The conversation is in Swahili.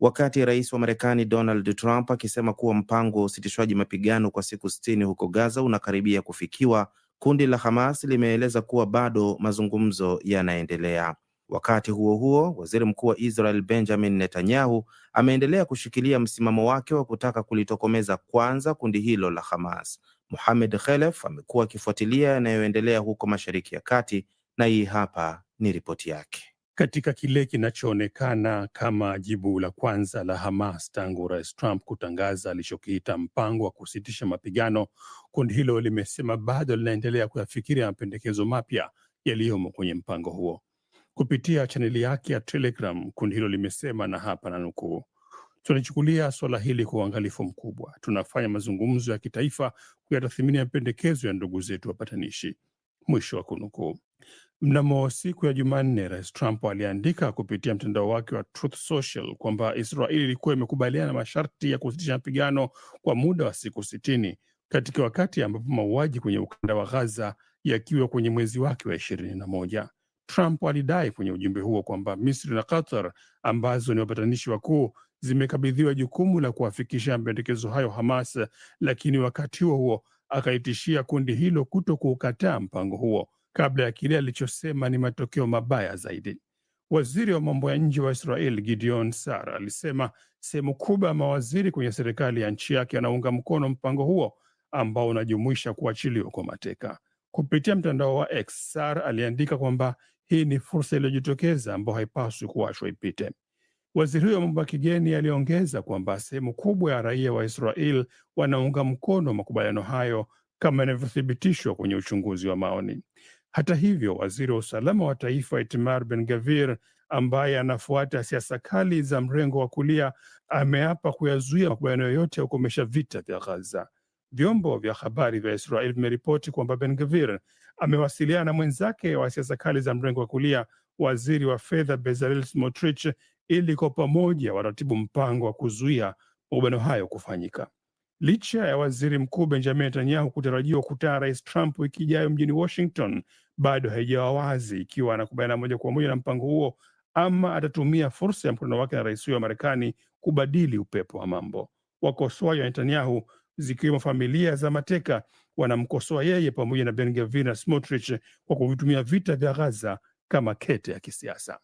wakati rais wa Marekani Donald Trump akisema kuwa mpango wa usitishwaji mapigano kwa siku sitini huko Gaza unakaribia kufikiwa, kundi la Hamas limeeleza kuwa bado mazungumzo yanaendelea. Wakati huo huo, waziri mkuu wa Israel Benjamin Netanyahu ameendelea kushikilia msimamo wake wa kutaka kulitokomeza kwanza kundi hilo la Hamas. Mohamed Khelef amekuwa akifuatilia yanayoendelea huko Mashariki ya Kati na hii hapa ni ripoti yake katika kile kinachoonekana kama jibu la kwanza la Hamas tangu Rais Trump kutangaza alichokiita mpango wa kusitisha mapigano, kundi hilo limesema bado linaendelea kuyafikiria mapendekezo mapya yaliyomo kwenye mpango huo. Kupitia chaneli yake ya Telegram, kundi hilo limesema, na hapa na nukuu tunachukulia suala hili kwa uangalifu mkubwa. Tunafanya mazungumzo ya kitaifa kuyatathimini mapendekezo ya ndugu zetu wapatanishi, mwisho wa kunukuu. Mnamo siku ya Jumanne, Rais Trump aliandika kupitia mtandao wake wa Truth Social kwamba Israeli ilikuwa imekubaliana masharti ya kusitisha mapigano kwa muda wa siku sitini katika wakati ambapo mauaji kwenye ukanda wa Gaza yakiwa kwenye mwezi wake wa ishirini na moja. Trump alidai kwenye ujumbe huo kwamba Misri na Qatar ambazo ni wapatanishi wakuu zimekabidhiwa jukumu la kuwafikisha mapendekezo hayo Hamas, lakini wakati huo huo akaitishia kundi hilo kuto kuukataa mpango huo kabla ya kile alichosema ni matokeo mabaya zaidi. Waziri wa mambo ya nje wa Israel Gideon Sar alisema sehemu kubwa ya mawaziri kwenye serikali ya nchi yake anaunga mkono mpango huo ambao unajumuisha kuachiliwa kwa mateka. Kupitia mtandao wa X, Sar aliandika kwamba hii ni fursa iliyojitokeza ambayo haipaswi kuachwa ipite. Waziri huyo wa mambo ya kigeni aliongeza kwamba sehemu kubwa ya raia wa Israel wanaunga mkono makubaliano hayo kama inavyothibitishwa kwenye uchunguzi wa maoni. Hata hivyo, waziri wa usalama wa taifa Itamar ben Gavir, ambaye anafuata siasa kali za mrengo wa kulia ameapa kuyazuia makubaliano yoyote ya kukomesha vita vya Gaza. Vyombo vya habari vya Israel vimeripoti kwamba ben Gavir amewasiliana na mwenzake wa siasa kali za mrengo wa kulia, waziri wa fedha Bezalel Smotrich, ili kwa pamoja waratibu mpango wa kuzuia makubaliano hayo kufanyika licha ya waziri mkuu Benjamin Netanyahu kutarajiwa kutaa rais Trump wiki ijayo mjini Washington, bado haijawa wazi ikiwa anakubaliana moja kwa moja na mpango huo ama atatumia fursa ya mkutano wake na rais huyo wa Marekani kubadili upepo wa mambo. Wakosoaji wa Netanyahu, zikiwemo familia za mateka, wanamkosoa yeye pamoja na Ben Gvir na Smotrich kwa kuvitumia vita vya Ghaza kama kete ya kisiasa.